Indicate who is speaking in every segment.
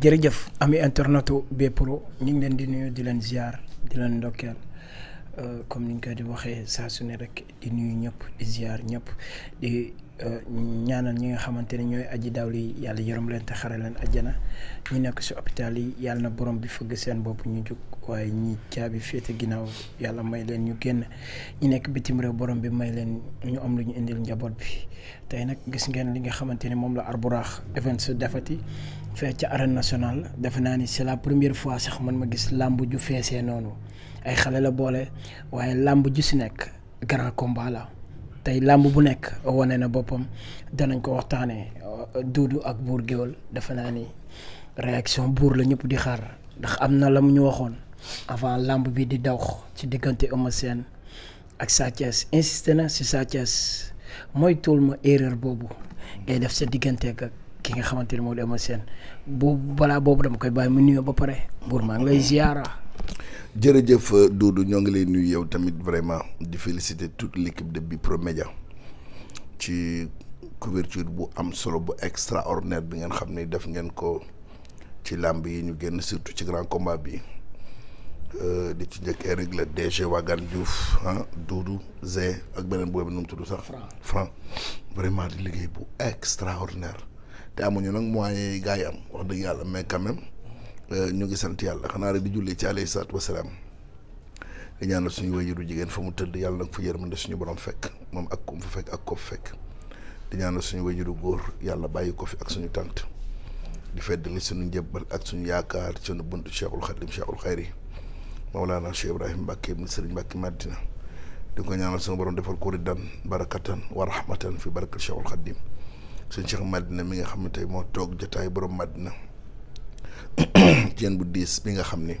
Speaker 1: jërëjëf ami internetu pour ñu ngi leen di nuyu di leen ziar di leen ndokkeel euh, comme ni ñu koy di waxee saa su ne rek di nuyu ñëpp di ziar ñëpp di euh, ñaanal ñi nga xamante ne ñooy aji daaw li yàlla yërëm leen te xare leen àjjana ñu nekk si hôpital yi yàlla na borom bi fëgg seen bopp ñu jóg waaye ñi caabi féete ginnaaw yàlla may leen ñu génn ñu nekk bitim réew borom bi may leen ñu am lu ñu indil njaboot bi tey nag gis ngeen li nga xamante ne moom la Arbouraax Events defati fee ca arène nationale defe naa ni c'est la première fois sax man ma gis làmb ju feesee noonu ay xale la boole waaye làmb ju si nekk grand combat la tey làmb bu nekk wane na boppam danañ ko waxtaanee euh, Doudou ak Bour Gueweul defe naa ni réaction Bour la ñëpp di xaar ndax am na la mu ñu waxoon avant làmb bi di daw ci diggante Eumeu Sène ak Sa Thiès insisté na si Sa Thiès mooy tuul ma erreur boobu ngay def sa diggante ak. ki nga xamante ne moo di Eumeu Sène boobu balaa boobu dama koy bàyyi mu nuyoo ba pare Mbour maa ngi lay ziara.
Speaker 2: jërëjëf Doudou ñoo ngi lay nuyu yow tamit vraiment di féliciter toute l'équipe de Bipro Média ci couverture bu am solo bu extraordinaire bi ngeen xam ni def ngeen ko ci làmb yi ñu génn surtout ci grand combat bi euh, di ci njëkkee rek la DG Wagan Diouf ah Doudou Z ak beneen boobu nu mu tudd sax. Franc Franc vraiment di liggéey bu extraordinaire. te amuñu nag moyens yi gars yi am wax dëgg yàlla mais quand euh, ñu ngi sant yàlla xanaa rek di julli ci alayhi salaatu wasalaam di ñaanal suñu waajur bu jigéen foo mu tëdd yàlla nag fa yërmande suñu borom fekk moom ak kum fa ak ko fekk di ñaanal suñu waajur bu góor yàlla bàyyi ko fi ak suñu tànt di feddali suñu njëbbal ak suñu yaakaar suñu buntu cheikhul xadim cheikhul xayri mawlaana cheikh ibrahima mbàkke ibn sëriñ mbàkke madina di ko ñaanal suñu borom defal ko ridan barakatan wa rahmatan fi barakat cheikhul xadim sëñ Cheikh Madina mi nga xam ne tey moo toog jotaay borom Madina jeen bu diis bi nga xam ni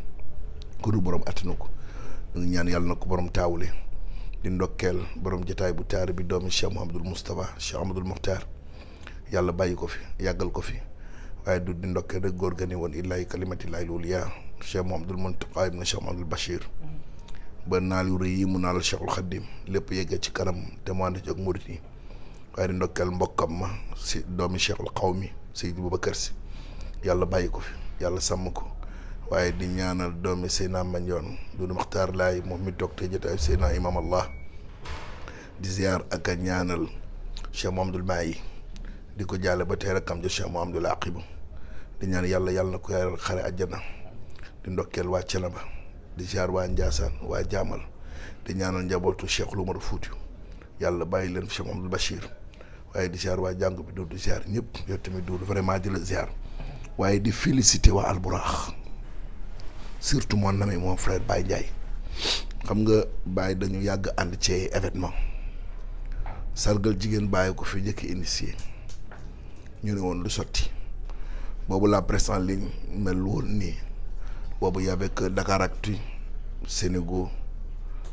Speaker 2: ku borom attanu ko ñaan yàlla na ko borom taawule di ndokkeel borom jotaay bu taar bi doomi Cheikh Mouhamadul Moustapha Cheikh Amadul Mokhtar yàlla bàyyi ko fi yàggal ko fi waaye du di ndokkeel góor ga woon illaahi kalimatillahi luliya Cheikh Mouhamadul Mountakha ibn Cheikh Mouhamadul Bachir mm-hmm. ba naal yu rëy yi mu naal Cheikhul Khadim lépp yeggee ci kanam te mu ànd ci ak murit yi waaye di ndokkeel mbokkam ma si doomi cheikhul xawmi Seydi Boubacar si yàlla bàyyi ko fi yàlla sàmm ko waaye di ñaanal doomi Seydina Mandione Doudou Makhtar laay moom mi toog te jotaay Seydina Imam Allah di ak ñaanal Cheikh Mouhamadoul Mahi di ko jàlle ba tey rakam jo Cheikh Mouhamadoul Aqib di ñaan yàlla yàlla na ko yàlla xare àjjana di ndokkeel waa Thiénaba di ziar waa Ndiassane waa Jaamal di ñaanal njabootu Cheikh Oumar fuuti yàlla bàyyi leen fi Cheikh Mouhamadoul Bachir waaye di ziar waa jàngu bi du di ziar ñëpp yow tamit du vraiment di la waaye di féliciter waa Alburax surtout mon ami mon frère Baye Ndiaye xam nga Baye dañu yàgg ànd ci événement sargal jigéen Baye ko fi njëkk initié ñu ne woon lu sotti boobu la presse en ligne mel woon nii boobu y avait que Dakaractu Sénégo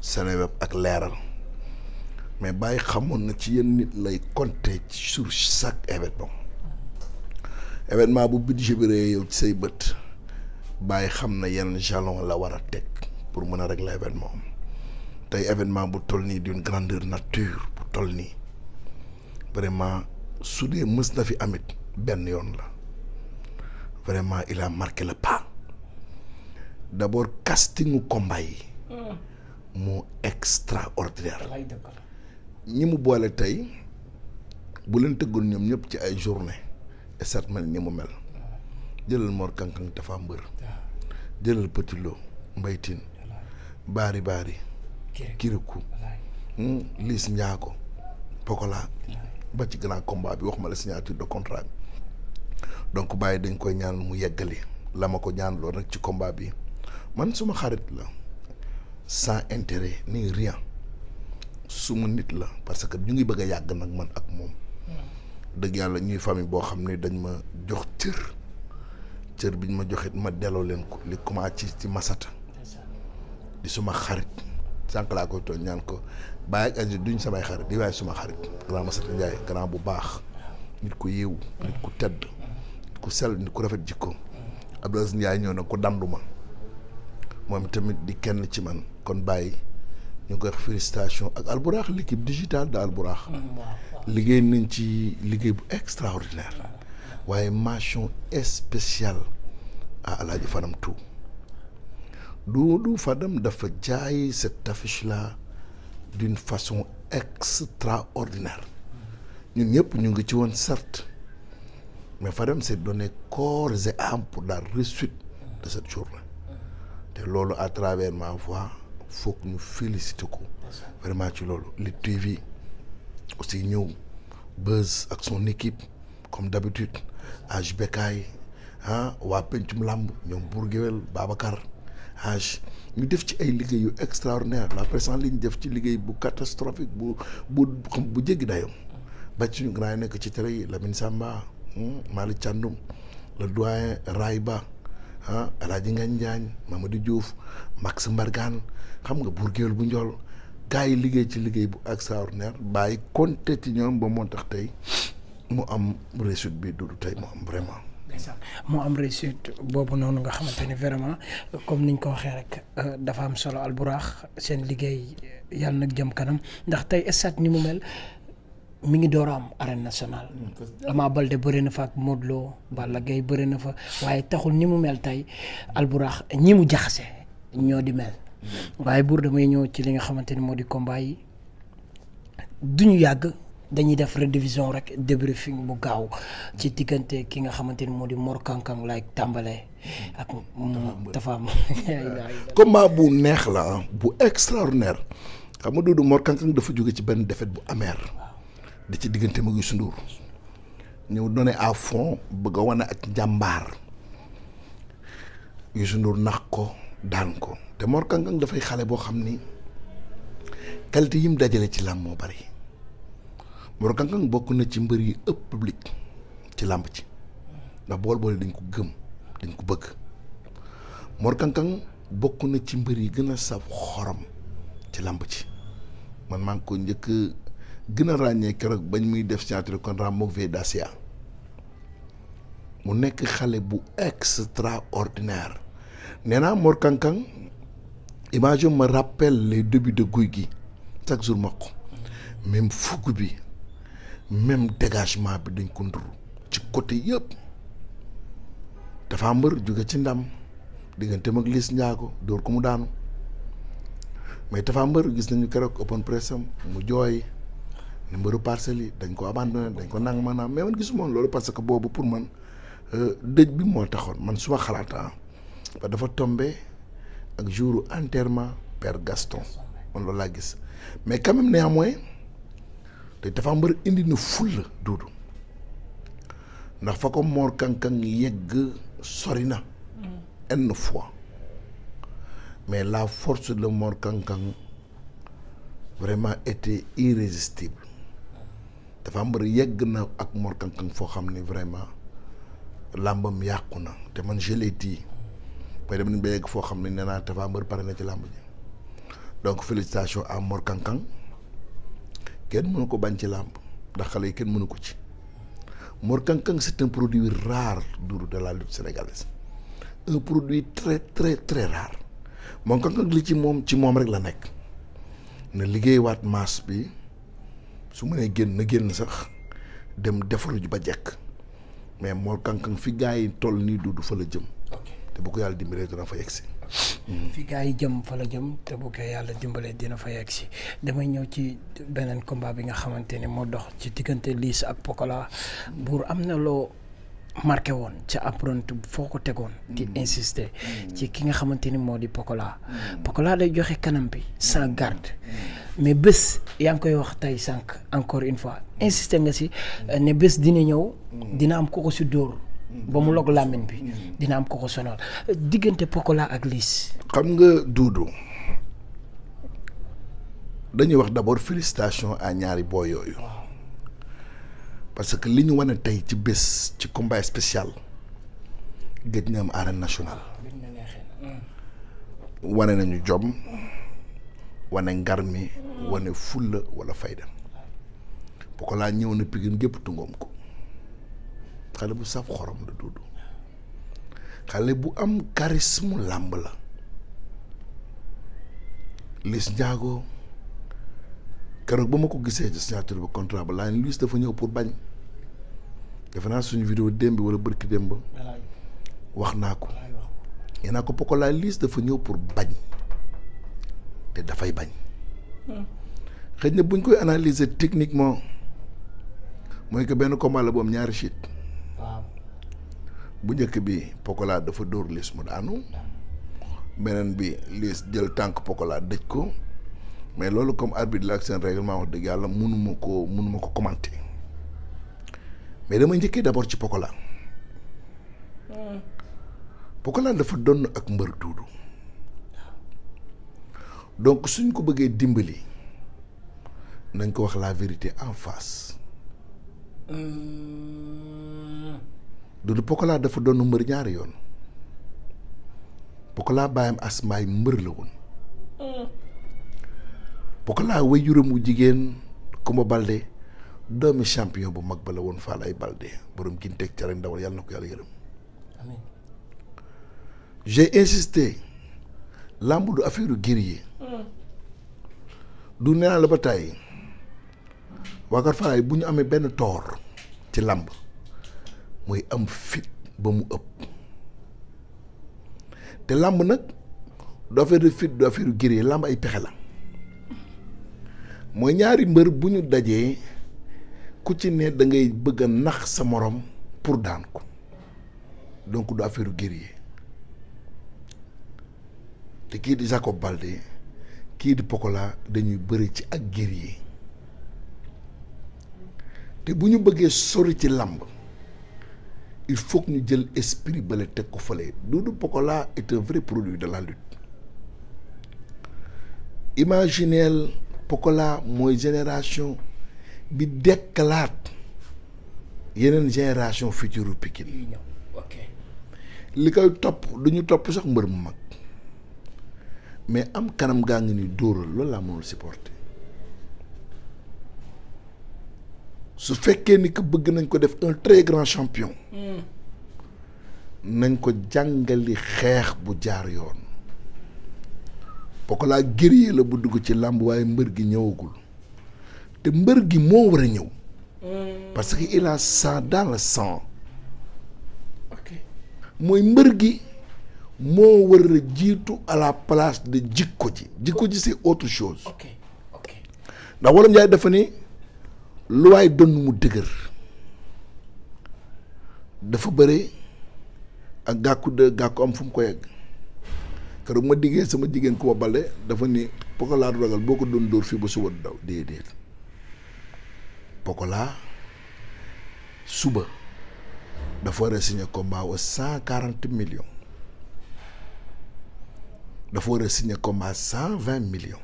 Speaker 2: Seneweb ak Leeral. mais Baye xamoon na ci yenn nit lay compter sur chaque événement événement bu budget bi réy ci say bët Baye xam na yenn jalon la war a teg pour mën a régler événement am tey événement bu toll nii d'une grandeur nature bu toll nii vraiment su dee mës na fi amit benn yoon la vraiment il a marqué la pas d'abord castingu combat yi
Speaker 1: mm.
Speaker 2: moo extraordinaire ñi mu boole tey bu leen tëggoon ñoom ñëpp ci ay journée esat mel ni mu mel jëlal Mor Kankang Tafa Mbër jëlal Petit mbaytin baari Baari Baari Kirikou hmm? Liss Ndiago Pokola ba ci grand combat bi wax ma la signature de contrat bi donc bàyyi dañ koy ñaan mu yeggali la ma ko ñaan lool rek ci komba bi man suma xarit la sans intérêt ni rien suma nit la parce que ñu ngi bëgg a yàgg nag man ak moom. dëgg yàlla ñuy famille boo xam ne dañ ma jox cër cër biñ ma joxit ma delloo leen ko li commencé ci Masata. di suma xarit sànq laa koy tooñ ñaan ko Baye ak Aziz duñ samay xarit di waaye suma xarit grand Masata Ndiaye grand bu baax. nit ku yeewu. nit ku tedd. ku sell nit ku rafet jikko. Abdoulaye Ndiaye ñëw na ko dandu ma moom tamit di kenn ci man kon Baye. ñu ngi koy wax félicitation ak Alburax l'équipe digitale de Alburax
Speaker 3: mm,
Speaker 2: liggéey nañ ci liggéey bu extraordinaire waaye mention spéciale à Alaaji Fadam Tout Doudou Fadam dafa jaay cette affiche là d'une façon extraordinaire ñun ñëpp ñu ngi ci woon certes mais Fadam s'est donné corps et âme pour la réussite de cette la mm. te loolu à travers ma voix foog ñu félicité ko. vraiment ci loolu Lutte TV aussi ñëw Buzz ak son équipe comme d'habitude Aj Bekay ah waa pencum làmb ñoom Bour Gueweul Babacar Aj ñu def ci ay liggéey yu extraordinaire la presse en ligne ci liggéey bu catastrophique bu bu xam bu jéggi dayoo ba ci suñu nekk ci tere yi Lamine Samba hmm, Malick Thiandoum le doyen Rayba ah El Hadj Ngagne Diagne Mamadou Diouf Max Mbargane xam nga burgeel bu njool gars yi liggéey ci liggéey bu extraordinaire bàyyi compter ci ñoom ba moo tax tey mu am réussite bi du tey am vraiment. moo am réussite
Speaker 1: boobu noonu nga xamante ni vraiment comme niñ ko waxee rek euh, dafa am solo alburaax seen liggéey euh, yàlla nag jëm kanam ndax tey stade ni mu mel mi ngi door a am arène nationale. Mm, Ama Baldé bëri na fa ak Modou Lo Balla bëri na fa waaye taxul ni mu mel tey alburaax ñi mu jaxase ñoo di mel. waaye buur damay ñëw ci li nga xamante ni moo di combat duñu yàgg dañuy def redivision rek débriefing bu gaaw ci diggante ki nga xamante ni moo di Mor Kang Kang laay tàmbalee ak tafaam
Speaker 2: combat bu neex la bu extraordinaire xam nga Doudou Mor Kang Kang dafa jóge ci benn défaite bu amer di ci diggante ma Youssou Ndour ñëw donné à fond bëgg a wane ak njàmbaar Youssou Ndour nax ko daan ko te Mor Kang dafay xale boo xam ni qualité yi mu dajale ci làmb moo bari Mor Kang bokk na ci mbër yi ëpp public ci làmp ci ndax bool boole dañ ko gëm dañ ko bëgg Mor Kang bokk na ci mbër yi gën a saf xorom ci làmp ci man maa ko njëkk gën a ràññee keroog bañ muy def signature contrat mook Vidacia mu nekk xale bu extraordinaire nee naa Mor image ma rappelle les débuts de Gouye gi chaque jour ma même fukk bi même dégagement bi dañ ko nduru ci côté yëpp dafa mbër jóge ci ndam diggante mag Liss Ndiago dóor ko mu daanu mais dafa mbër gis nañu keroog open press mu jooy ne mbëru parcelles yi dañ ko abandonné dañ ko nang maanaam mais man gisuma woon loolu parce que boobu pour man euh, dëj bi moo taxoon man suma xalaat ah, ba dafa tombé. ak jour enterrement per Gaston man loolu laa gis mais quand même néanmoins te dafa mbër indi na fulla duudu ndax fa ko Mor Kang Kang sori na une mm. fois mais la force de Mor Kang vraiment était irrésistible dafa mbër yegg na ak Mor Kang foo xam ne vraiment làmbam yàqu na te man je l'ai mais dem nañ ba yegg foo xam ne nee naa Tapha Mbeur pare na ci làmb ji donc félicitation à Mor Kankan kenn mënu ko bañ ci làmb ndax xale yi kenn mënu ko ci Mor Kankan c'est un produit rare du de la lutte sénégalaise un produit li ci moom ci moom rek la nekk na liggéeywaat masse bi su ma mënee génn na génn sax dem defaru ba jekk mais Mor Kankan fi gars yi toll nii du du fa la jëm. te bu ko yàlla dimbalee dina fa yegsi.
Speaker 1: fi gars yi jëm fa la jëm te bu ko yàlla dimbalee dina fa si damay ñëw ci beneen combat bi nga xamante ni moo dox ci diggante Liss ak Pokola buur am na loo marqué woon ca apprenti foo ko tegoon. di mm-hmm. insister mm-hmm. ci ki nga xamante ni moo di Pokola. Mm-hmm. Pokola day joxe kanam bi san garde mais bés yaa ngi koy wax tey sànq encore une fois insister nga si ne bés dina ñëw dina am ko ko si dóor. ba mu log làmmiñ bi dina am ko ko diggante Pokola ak Liss
Speaker 2: xam nga Doudou dañuy wax d'abord félicitations à ñaari boo yooyu parce que li ñu wane tey ci bés ci combat spécial gëj na am arène nationale wane nañu jom wane ngarmi wane fulla wala fayda Pokola ñëw na Pikine gépp tungoom ko xale bu saf xorom la dudd xale bu am charisme làmb la Liss Ndiago keroog ba ma ko gisee ci signature ba laa ne Liss dafa ñëw pour bañ defe naa suñu vidéo démb wala bërki démb wax naa ko nee naa ko Pokola liis dafa ñëw pour bañ te dafay bañ hmm. xëy na buñ koy analyser techniquement mooy que benn combat la bu ñaari chute bu njëkk bi Pokola dafa dóor Liss mu daanu beneen bi Liss jël tànk Pokola dëj ko mais loolu comme arbitre la ak seen règlement wax dëgg yàlla mënuma ko mënuma ko commenter mais dama njëkkee d'abord ci Pokola Pokola dafa donn ak mbër Doudou donc suñ ko bëggee dimbali nañ ko wax la vérité en face. Hmm. Doudou Pokola dafa doon mbër ñaari yoon Pokola baayam asmaay mbër la woon Pokola waajuram wu jigéen Kumba Balde doomi champion bu mag ba la woon Faalaay Balde borom ginteeg ca rek ndawal yàlla na ko yàlla yërëm amiin j'ai làmb du affaire guerrier du nee la ba tàyyi waa Faalaay bu ñu amee benn toor ci làmb mooy am fit ba mu ëpp te làmb nag du affaire de fit du affaire géré làmb ay pexe la mooy ñaari mbër bu ñu dajee ku ci ne da ngay bëgg a nax sa morom pour daan ko donc du affaire yi te kii di Jacob Baldé kii di Pokola dañuy bëri ci ak yi te bu ñu bëggee sori ci làmb il faut ñu jël esprit bale teg ko fële Doudou Pokola est un vrai produit de la lutte imagineel Pokola mooy génération bi dekkalaat yeneen génération future Pikine li koy topp du ñu topp sax mbër mu mag mais am kanam gaa ngi ni dóoral loolu laa mënul supporter su fekkee ni que bëgg nañ ko def un très grand champion. Hmm. nañ ko jàngali xeex bu jaar yoon. Pokola guerrier la bu dugg ci làmb waaye mbër gi ñëwagul te mbër gi moo war a ñëw. Hmm. parce que il a ça dans le sang. mooy mbër gi moo war a jiitu à la place de jikko ji jikko ji c'est autre chose. ok ok ndax wolof dafa ni. lu waay donn mu dëgër dafa bëre ak gàkku de gàkku am fu mu ko yegg keroog ma diggee sama jigéen ku ma bale dafa ni Pokola du ragal boo ko doon dóor fii ba suba du daw déedéet Pokola suba dafa war a signé combat cent quarante millions dafa war a signé combat cent vingt million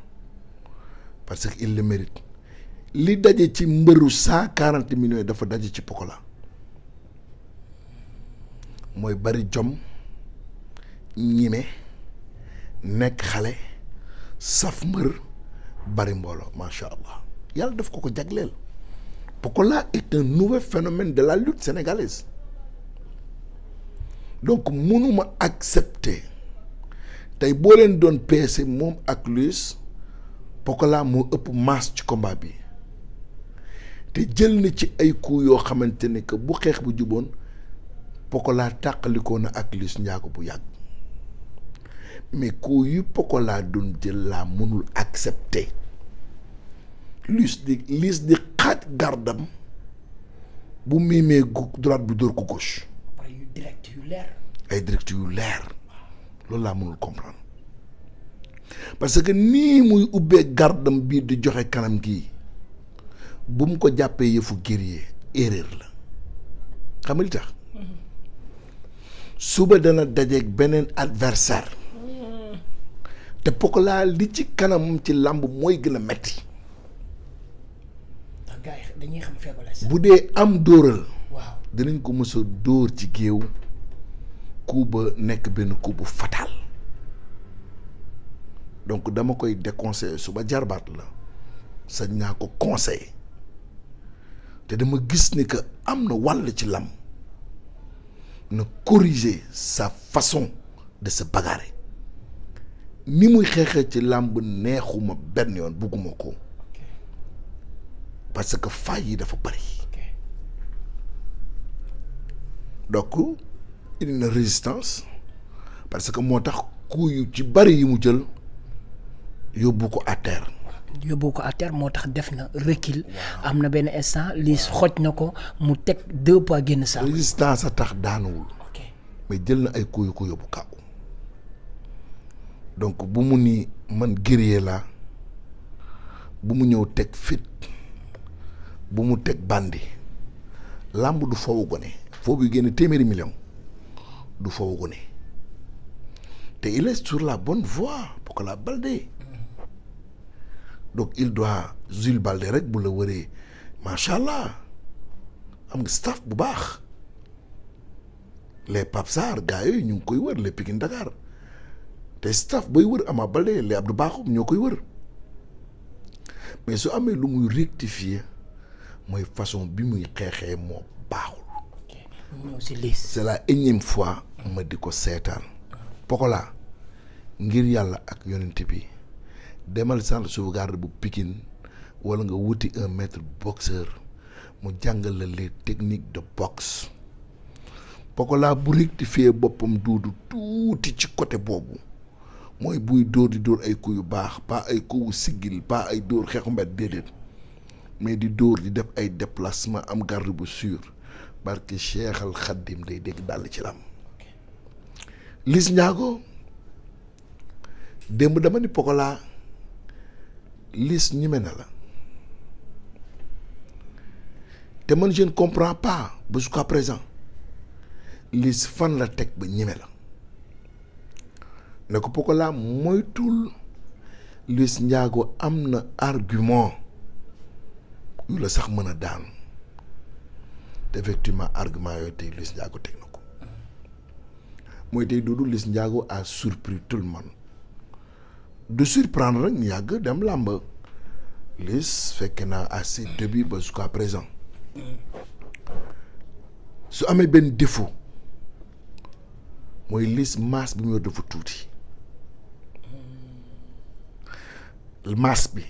Speaker 2: parce que il mérite li daje ci mbëru cent quarante millions dafa daje ci Pokola mooy bari jom ñime nekk xale saf mbër bari mbooloo macha allah yàlla daf ko ko jagleel Pokola est un nouveau phénomène de la lutte sénégalaise donc mënuma accepter tey boo leen doon peese moom ak Luis Pokola moo ëpp masse ci combat bi te jël na ci ay coups yoo xamante ne que bu xeex bu juboon Pokola tàqalikoo na ak Liss njaago bu yàgg mais coups yu Pokola doon jël laa mënul accepter Liss di xaaj gardam bu miimee gu droite bu dóor ko gauche.
Speaker 1: ay direct yu leer.
Speaker 2: ay direct yu loolu laa mënul comprendre parce que nii muy ubbee gardam bii di joxe kanam gii. bu mu ko jàppee yëfu guerrier erreur la xam suba dana dajeeg beneen adversaire te Pokola li ci kanam ci làmb mooy gën a metti bu dee am dóoral waaw dinañ ko mësoo dóor ci géew coup nekk benn coup bu fatal donc dama koy déconseiller suba jarbaat la sañ naa ko conseiller te dama gis ni que am na wàll ci lam na corriger sa façon de se bagarrer ni muy xeexee ci làmb neexuma benn yoon bugguma ko parce que faay yi dafa bari donc indi na résistance parce que moo tax coup ci bari yi mu jël yóbbu ko à
Speaker 1: yóbbu ko à moo tax def na recul am na benn instant li xoj na ko mu teg deux poids génn saa.
Speaker 2: résistance a tax daanuwul. mais jël na ay coups yu ko yóbbu kaw donc bu mu ni man guerrier la bu mu ñëw teg fit bu mu teg bandi làmb du foofu gone foo yu génne téeméeri million du foofu gone te il est sur la bonne voie pour que la Baldé donc il doit Jules Baldé rek bu la wëree macha allah am nga staff bu baax les Pape Sarr gars ñu ngi koy wër les Pikine Dakar te staff bay wër Ama Baldé les Abdou Bakhoum ñoo koy wër mais su amee lu muy rectifier mooy façon bi muy xeexee moo baaxul. c'est la énième fois ma di ko seetaan. Pokola ngir yàlla ak yonent bi. demal centre sauvegarde bu pikin wala nga wuti un maître boxeur mu jàngal la les techniques de boxe Pokola bu rectifier boppam duudu
Speaker 1: tuuti
Speaker 2: ci côté boobu mooy buy dóor di dóor ay coups baax pas ay coups yu siggil pas ay dóor xeexu mbet déedéet mais di dóor di def ay déplacement am garde bu sûr parce que Cheikh day dégg dàll ci lam Liss Ndiago démb dama ni Pokola liis ñime na la te man je ne comprends pas ba jusqu'à présent liis fan la teg ba ñime la ne ko Pokola moytul Liss njaago am na argument yu la sax mën a daan te effectivement argument yooyu tey Liss Ndiago teg na ko mooy tey Doudou Liss Ndiago a surpris tout le monde du surprendre rek ñu yàgg dem làmb Liss fekke na à ses bi ba jusqu'à présent su amee benn défaut mooy Liss masse bi tuuti masse bi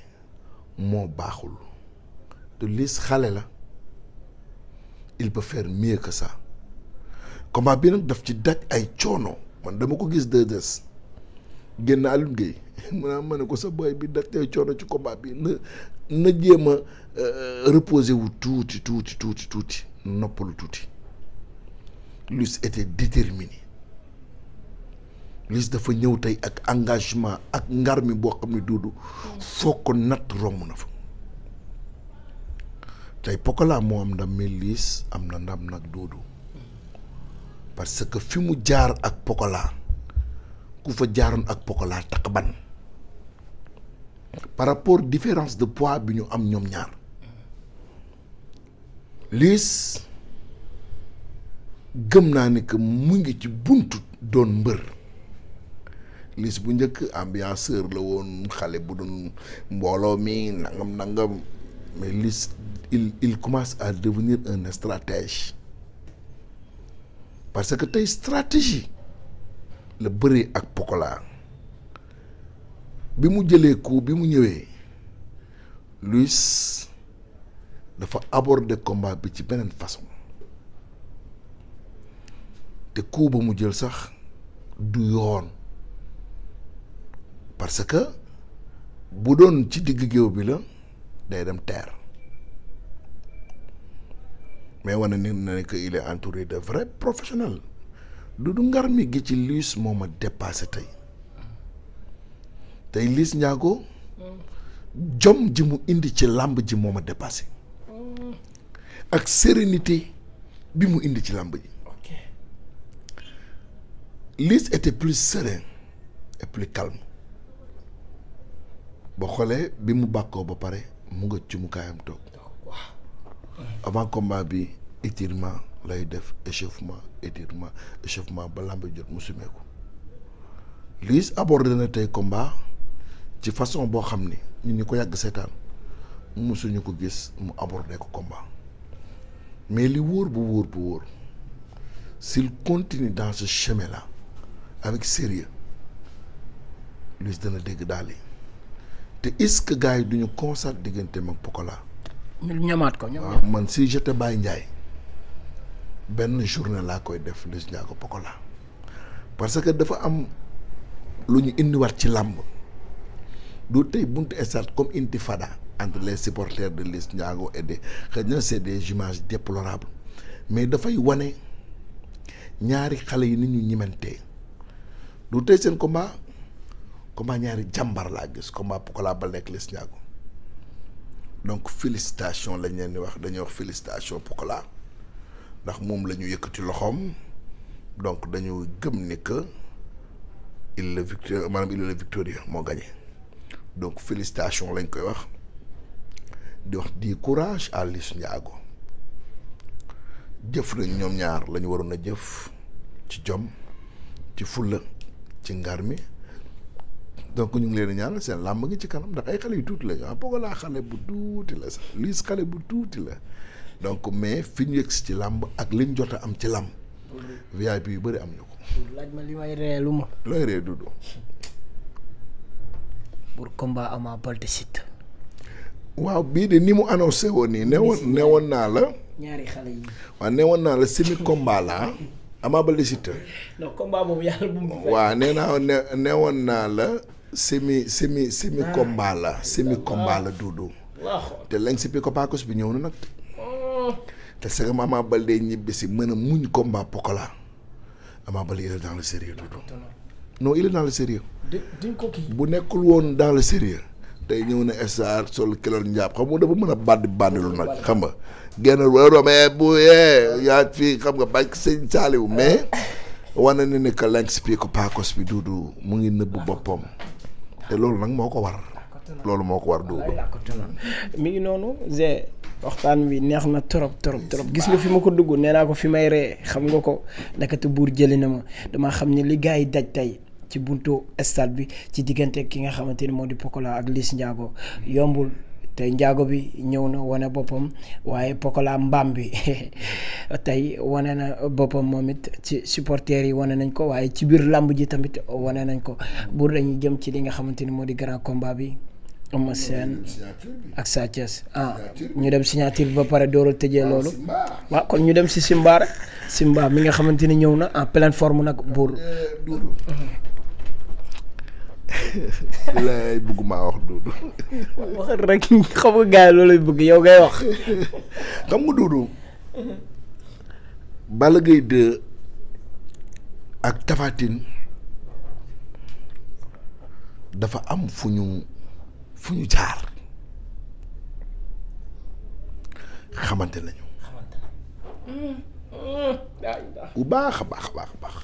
Speaker 2: moo baaxul te Liss xale la il peut faire mieux que ça combat bi nag daf ci daj ay coono man dama ko gis deux des génn Alioune Gueye maanaam ma ne ko sa boy bi daf tey coono ci kobaa bi na na jéem a euh, reposer wu tuuti tuuti tuuti tuuti noppalu tuuti Luis était déterminé Luis dafa ñëw tey ak engagement ak ngarmi mi boo xam ne duudu foo ko natt romb na fa tey Pokola moo am ndam mais Luis am na ndam nag duudu parce que fi mu jaar ak Pokola ku fa jaaroon ak pokola takk ban par rapport différence de pois bi ñu am ñoom ñaar liis gëm naa ni que mu ngi ci buntu doon mbër liis bu njëkk ambianceur la woon xale bu doon mbooloo mi nangam nangam mais liis il il commence à devenir un stratège parce que tey stratégie la bëree ak Pokola bi mu jëlee ko bi mu ñëwee Luis dafa aborder combat bi ci beneen façon te coup ba mu jël sax du yoon parce que bu doon ci diggu géew bi la day dem terre mais wane ni na ne que il est entouré de vrais professionnels du du ngar mi gi ci Liss moo ma dépassé tey tey Liss Ndiago jom ji mu indi ci làmb ji moo ma dépassé ak sérénité bi mu indi ci làmb ji Liss était plus serein et plus calme boo xoolee bi mu bàkkoo ba pare mu nga ci mu avant combat bi étirement lay def échauffement étirement échauffement ba lambe jot mu sumeeku Liss abordé na tey combat ci façon boo xam ni ñun ñu ko yàgg seetaan mosuñu ko gis mu abordé ko combat mais li wóor bu wóor bu wóor s'il continue dans ce chemin là avec sérieux Liss dana dégg daal yi te est-ce que gars yi duñu constat diggante ak Pokola.
Speaker 1: ñu ñamaat ko ah, ñamaat
Speaker 2: man si j'étais Baye Ndiaye. benn journée laa koy def Liss Ndiago Pokola parce que dafa am lu ñu indiwaat ci làmb du tey buntu stade comme fada entre les supporters de list Ndiago et des xëy na c'est des images déplorables mais dafay wane ñaari xale yi ni ñu ñimantee du tey seen combat combat ñaari jàmbar laa gis combat Pokola Baldé ak Liss Ndiago donc filicitation lañ leen di wax dañuy wax félicitation Pokola ndax moom la ñu ci loxoom donc dañu gëm ni que il le victoire maanaam il est le moo gagné donc filistation lañ koy wax di wax di courage à Liss Ndiago jëf nañ ñoom ñaar lañu waroon a jëf ci jom ci fulla ci ngar mi donc ñu ngi leen ñaanal seen làmb ngi ci kanam ndax ay xale yu tuuti la ñu ah xale bu tuuti la sax Liss xale bu tuuti la. donc mais fi ñu yegg ci làmb ak liñ jot am ci làmb. VIP yu bari am ñu ko. lu ma. looy ree Dudu. waaw bii de ni mu annoncé woon nii. newoon naa la. ñaari xale yi. waaw newoon naa la semi combat la Ama Baldé Siteu. semi semi semi ah. la. semi combat la ah. Dudu. te lañ si picc pacos bi ñëw na nag. te sëñ am Ama ñibbi si mën a muñ combat Pokola Ama Baldé il est dans le sérieux Doudou non il est dans le bu nekkul woon dans le sérieux day ñëw na SR sol kilool njaab xam nga dafa mën a bandi bandilu nag xam nga genn warome bu yee yaa fii xam nga ba sëñ Saaliw mais wane na ni que l'explique ko paakos bi Doudou mu ngi nëbb boppam ah. te loolu nag moo ko war loolu moo ko war dugg.
Speaker 1: mi ngi noonu Zé waxtaan wi neex na trop trop trop gis nga fi ma ko dugg nee naa ko fi may ree xam nga ko ndakate buur jëli na ma dama xam ne li gars yi daj tey ci buntu stade bi ci diggante ki nga xamante ni moo di Pokola ak Liss njaago yombul. tey njaago bi ñëw na wane boppam waaye Pokola mbaam bi tey wane na boppam moom it ci supporters yi wane nañ ko waaye ci biir làmb ji tamit wane nañ ko buur dañuy jëm ci li nga xamante ni moo di grand combat bi Eumeu Sène ak Sa ah ñu dem signature ba pare door a tëjee ah, loolu waaw kon ñu dem si Simba rek Simba mi nga xamante ni ñëw na en pleine forme nag buur.
Speaker 2: Eh, lay bëgguma wax Doudou. waxal rek xam nga gars yi bëgg yow ngay wax. xam ak Tapha dafa am fu ñu. fu ñu jaar xamante nañu. bu baax a baax a baax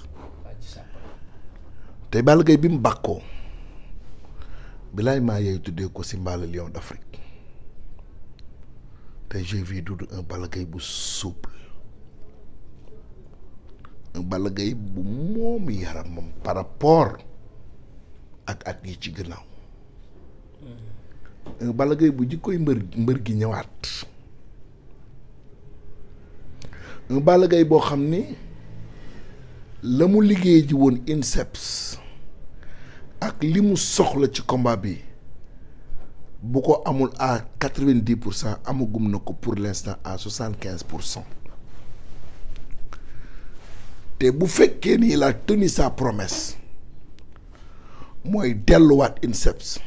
Speaker 2: te Balla Gaye bi mu bàkkoo bilaay maa yeey tuddee ko Simba le lion d'Afrique te j'ai vu Doudou un Balla Gaye bu souple un Balla Gaye bu moom yaramam par rapport ak at yi ci gannaaw. Euh, Balla bu jikkoy mbër mbër gi ñëwaat Balla boo xam ni la mu liggéey ji woon INSEPS ak li mu soxla ci combat bi bu ko amul à quatre vingt pour cent amagum na ko pour l'instant à soixante-quinze pour cent te bu fekkee nii la a tenu sa promesse mooy delluwaat INSEPS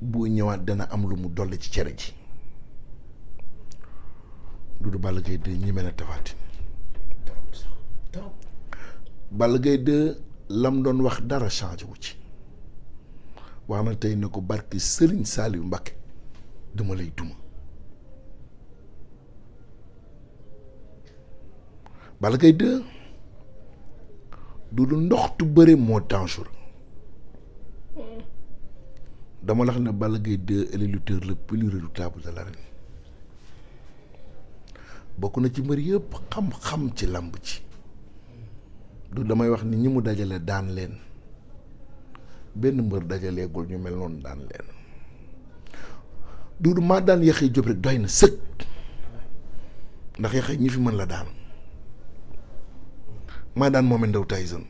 Speaker 2: boo ñëwaat dana am lu mu dolli ci cere ji Doudou Balla Gaye 2 ñi mel ne Tapha Tine Balla Gaye lam doon wax dara change wu ci wax na tey ne ko barki Serigne Saliou Mbacké dama lay duma Balla Gaye 2 Doudou ndoxtu bëre moo dangereux dama la xam ne Balla Gaye 2 est le bokk na ci mbër yépp xam-xam ci làmb ci du damay wax ni ñi mu dajale daan leen benn mbër dajaleegul ñu mel noonu daan leen duudu maa daan Yaxya Jóob rek doy na sëg ndax Yaxya ñi fi mën la daan maa daan Mohamed Ndao Tyson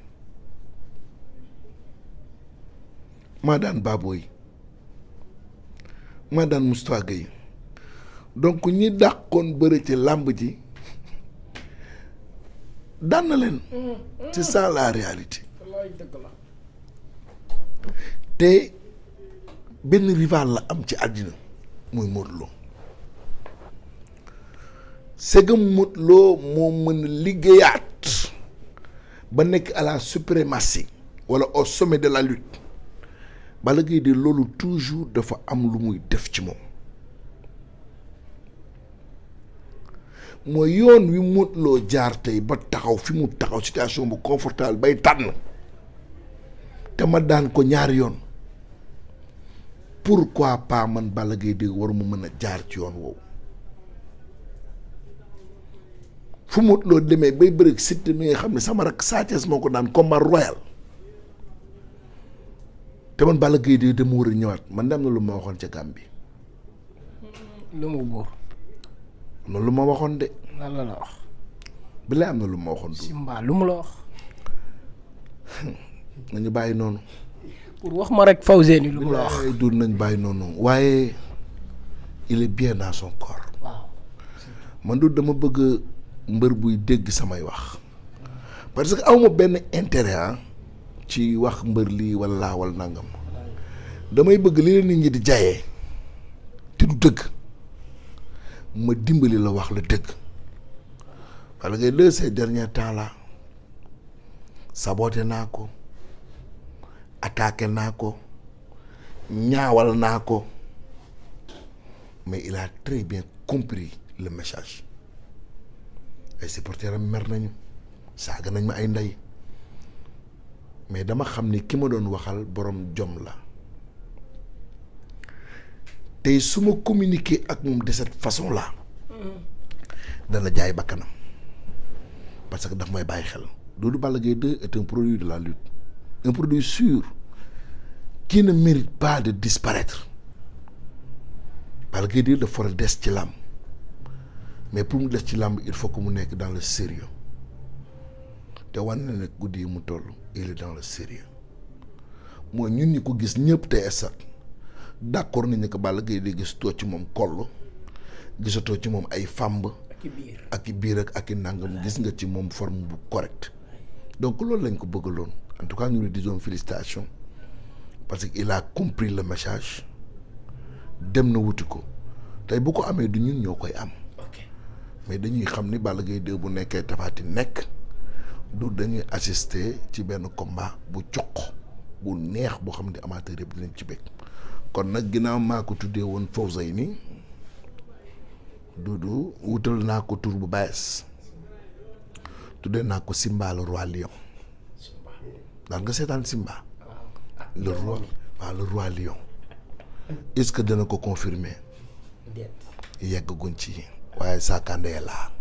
Speaker 2: maa daan Baboy maa daan Moustapha Gueye donc ñi dàqoon bëri ci làmb ji daan na leen. c'est ça la réalité. te benn rival la am ci àddina muy Modou Lo segam moo mën liggéeyaat ba nekk à la suprématie wala au sommet de la lutte. Balla Gaye de loolu toujours dafa am lu muy def ci moom mooy yoon wi Modou Lo jaar tey ba taxaw fi mu taxaw situation bu confortable bay na te ma daan ko ñaari yoon pourquoi pas man Balla Gaye de war mu mën a jaar ci yoon woowu fu mu Lo demee bay bëreeg Siteu mi nga xam ne sama rak Sa Thiès moo ko daan combat royal te man Balla Gaye de dama war a ñëwaat man dem na lu ma waxoon ca Gàmbi. lu ma buur. lu ma waxoon de. lan la la wax. bi lay am na lu ma waxoon. Simba lu mu la wax. nañu bàyyi noonu. pour wax ma rek Fawzeyni lu mu la wax. duur nañ bàyyi noonu waaye il est bien dans son corps. man du dama bëgg mbër buy dégg samay wax parce que awma benn intérêt ah. ci wax mbër lii wala laawal nangam damay bëgg li leen nit ñi di jaayee te du dëgg ma dimbali la wax la dëgg parce que de ces derniers temps là saboté naa ko attaqué naa ko ñaawal naa ko mais il a très bien compris le message ay supporters am mer nañu saaga nañ ma ay ndey. mais dama xam ni ki ma doon waxal borom jom la tey su ma communiquer ak moom de cette façon là mm. dana jaay bakkanam parce que daf may bàyyi xel Doudou Balla Gaye 2 est un produit de la lutte un produit sûr qui ne mérite pas de disparaître Balla Gaye 2 dafa war a des ci làmb mais pour mu des ci làmb il faut que mu nekk dans le sérieux te wan na ne guddi yi mu toll il dans le sérieux mooy ñun ñi ko gis ñëpp te esat d'accord nañ ne ko Balla Gaye di gisatoo ci moom koll gisatoo ci moom ay fàmb ak i biir ak ak i nàngam gis nga ci moom forme bu correct donc loolu lañ ko bëggaloon en tout cas ñu lui disons félicitations parce que il a compris le message dem na wuti ko tey bu ko amee du ñun ñoo koy am mais dañuy xam ni Balla Gaye 2 bu nekkee tafaati nekk du dañuy assister ci benn combat bu coq bu neex boo xam ne amateur yëpp dinañ ci bëgg kon nag ginnaaw maa ko tuddee woon Fawzayni Doudou wutal naa ko tur bu bees tuddee naa ko Simba le roi lion daan nga seetaan Simba ah, ah, le roi waaw le lion est que dana ko confirmer yegg guñ ci waaye saakande laa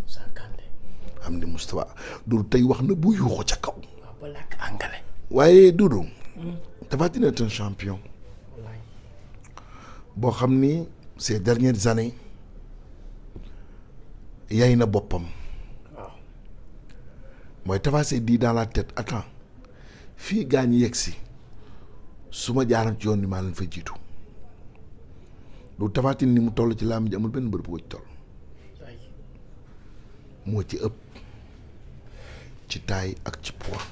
Speaker 2: am di Moustapha Doudou tey wax na bu yuuxu ca kaw. Ah, waaye Doudou. Hmm. champion. boo xam ni ces dernières années yay na boppam. mooy Tapha s'est dit dans la tête attends fii gaa ñi yegg si su ma jaaram ci yoon bi maa leen fa jiitu du Tapha ni mu toll ci làmb ji amul benn mbër bu ko toll moo ci ëpp. ci taille ak ci poids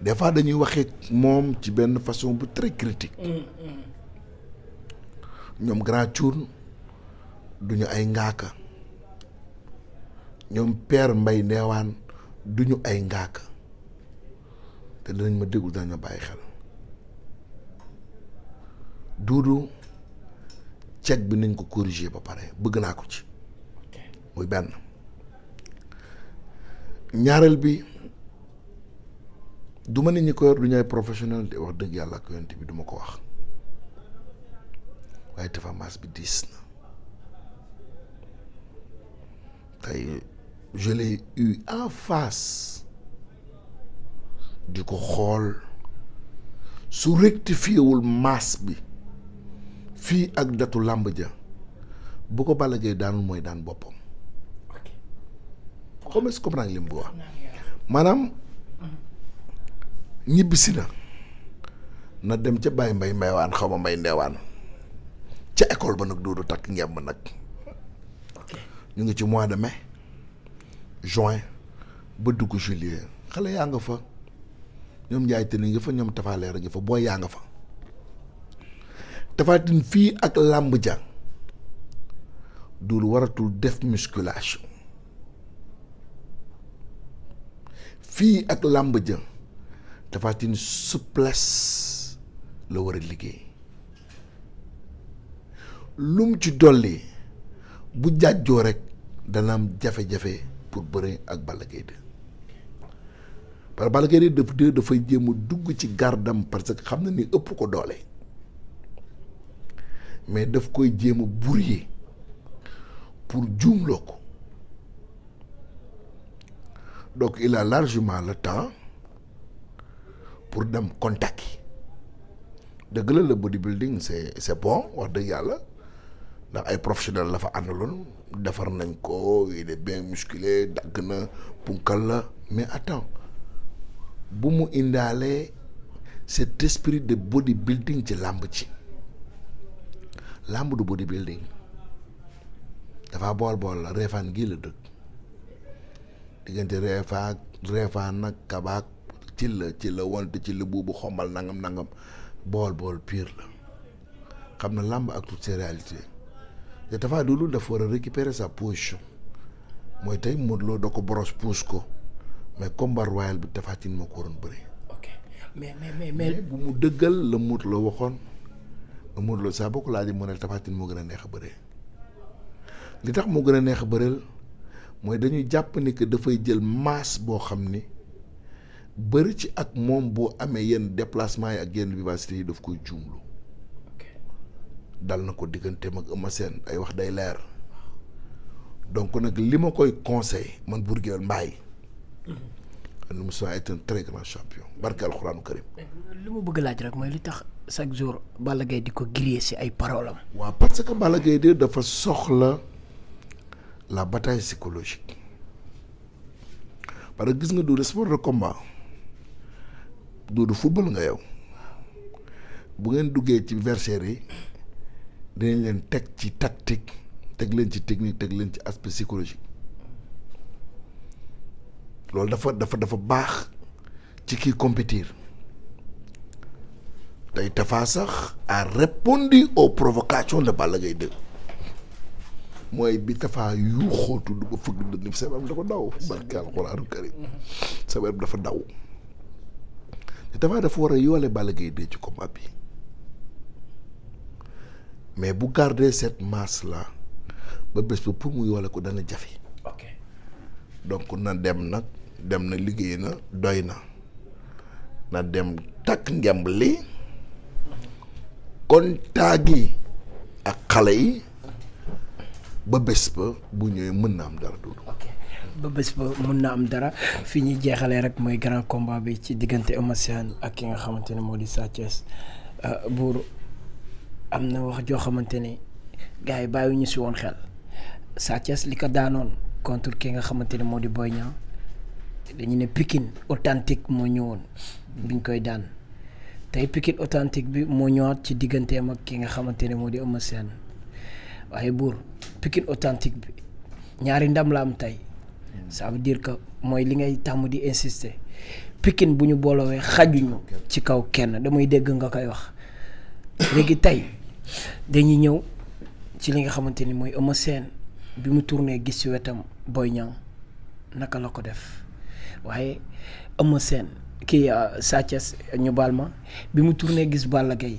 Speaker 2: des fois dañuy waxee moom ci benn façon bu très critique
Speaker 3: mm, mm.
Speaker 2: ñoom grand cuun duñu ay ngaaka ñoom père mbay ndeewaan duñu ay ngaaka te danañ ma déglu danañ bàyyi xel duudu ceeg bi nañ ko corriger ba pare bëgg naa ko ci muy benn ñaareel bi duma ne ñi ko yor du ñooy professionnel de wax dëgg yàlla ak yonent bi du ko wax waaye Tapha Mass bi diis na tey je l'ai eu en di ko xool su rectifiewul maas bi fii ak datu làmb ja bu ko Balla Gaye daanul mooy daan boppam xaw ma si comprendre li mu wax maanaam ñibbisi na na dem ca Baye Mbaye Mbaywaan xaw ma Mbaye Ndeewaan ca école ba nag du takk ngemb nag ñu ngi ci mois de mais juin ba dugg juillet xale yaa nga fa ñoom Ndiaye te ni nga fa ñoom tafaaleer a fa booy yaa nga fa tafaatin fii ak làmb ja dul waratul def musculation. fii ak làmb ja Tapha Tine souplesse la war a liggéey lum ci dolli bu jàjjoo rek dana am jafe-jafe pour bëri ak Balla Gaye 2 parce que Balla Gaye dafay jéem a dugg ci gardam parce que xam na ni ëpp ko doole mais daf koy jéem a brouiller pour juumloo ko donc il a largement la temps pour dem contact yi dëgg la le bodybuilding c'est c'est bon wax dëgg yàlla ndax ay professionnels la fa àndaloon defar nañ ko il est bien musclé dagg na punkal la mais attends bu mu indaalee cet esprit de bodybuilding ci làmb ci làmb du bodybuilding dafa bool bool la reefaan gii la dëkk diggante reefaa reefaan nag kabaak ci la ci la wante ci la buubu xombal nangam nangam bool bool piir la xam na làmb ak toutes ses réalités te Tapha Doudou dafa war a récupérer sa position mooy tey Modou loo da ko boros puus ko mais combat royal bi Tapha Tine moo ko waroon bëri. ok mais la Modou Lo waxoon la ko laajee mu ne moo gën a neex a bëree li tax moo gën a neex a bëreel. mooy dañuy jàpp ni que dafay jël masse boo xam ni bëri ci ak moom boo amee yenn déplacement yi ak yenn vivacité yi daf koy juumlu dal na ko diggante ak Eumeu Sène ay wax day leer donc nag li ma koy conseil man Bour Gueweul Mbaye Moussa mhm. est un très grand champion
Speaker 1: mu bëgg laaj rek mooy li tax chaque jour Balla
Speaker 2: di ko grillé si ay parolam waaw parce que Balla Gaye dafa soxla la bataille psychologique parce que gis nga du sport de combat du football nga yow bu ngeen duggee ci versaire yi dinañ leen teg ci tactique teg leen ci technique teg leen ci aspect psychologique loolu dafa dafa dafa baax ci kii compétir tey Tapha sax a répondu aux provocations de Balla Gaye 2 mooy bi tafaa yu xootu du ko fëgg dënn sabaram da ko daw barke alxuraanu karim sabaram dafa daw te tafaa dafa war a yoole ba Gaye dee ci combat bi mais bu garder set masse la ba bés ba pour mu yoole ko dana jafe ok donc na dem nag dem na liggéey na doy na na dem takk ngemb li kontaagi ak xale yi ba bés ba bu ñëwee mën na am dara duudu
Speaker 1: ba bés ba mën na am dara fi ñuy jeexalee rek mooy grand combat bi ci diggante Eumeu Sène ak ki nga xamante ne moo di Sa Thiès euh, am na wax joo xamante ni gars yi bàyyi si woon xel Sa li ko daanoon contre ki nga xamante ne moo di Boy Niang dañu ne Pikine authentique moo ñëwoon biñ koy daan tey Pikine authentique bi moo ñëwaat ci digganteem ak ki nga xamante ne moo di Eumeu Sène waaye buur Pikine authentique bi ñaari ndam la am tey hmm. ça veut dire que mooy li ngay tàmm di insister Pikine bu ñu boolowee xajuñu ci kaw kenn damay dégg nga koy wax léegi tey dañuy ñëw ci li nga xamante ni mooy Eumeu Sène bi mu tourné gis ci wetam Boy Niang naka la ko def waaye Eumeu Sène kii euh, Sa ñu baal ma bi mu tourné gis Balla Gaye